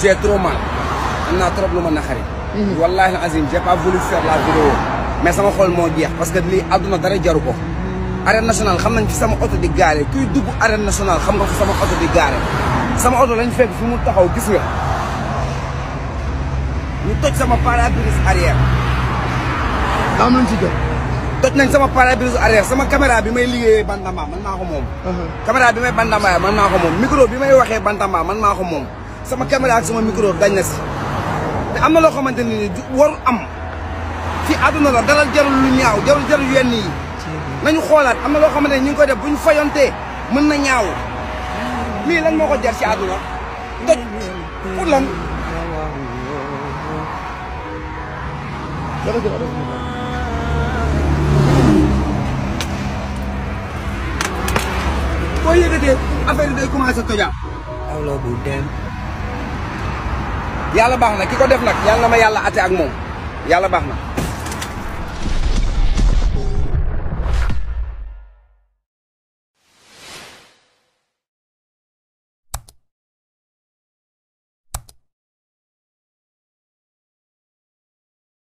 j'ai trop mal am naa trop lu ma naqari. Mhm. wallaahi azim j'ai pas voulu la vidéo mais sama xool moo jeex parce que lii àdduna dara jaru ko. arène nationale xam nañ fi sama oto di gaare kuy dugg arène national xam nga fi sama oto di gaare sama oto lañ fekk fi mu taxaw gis nga ñu toj sama pare-brise arrière. am nañ ci jot. toj nañ sama pare-brise arrière sama caméra bi may liggéeyee bantamba man naa ko moom. Uh-huh. caméra bi may bantamba man naa ko moom micro bi may waxee bantamba man naa ko moom. sama caméra sama micro dañ na si te am na loo xamante ni waru am fi àdduna la dalal jarul lu ñaaw jarul jarul yenn yi nañu xoolaat am na loo xamante ne ñu ngi koy def bu ñu fayontee mën na ñaaw lii lan moo ko jar ci àdduna toj pour lan boo yëgatee affaire yi day commencé tojaat awla yàlla baax na ki ko def nag yàlla na ma yàlla ate ak moom yàlla baax na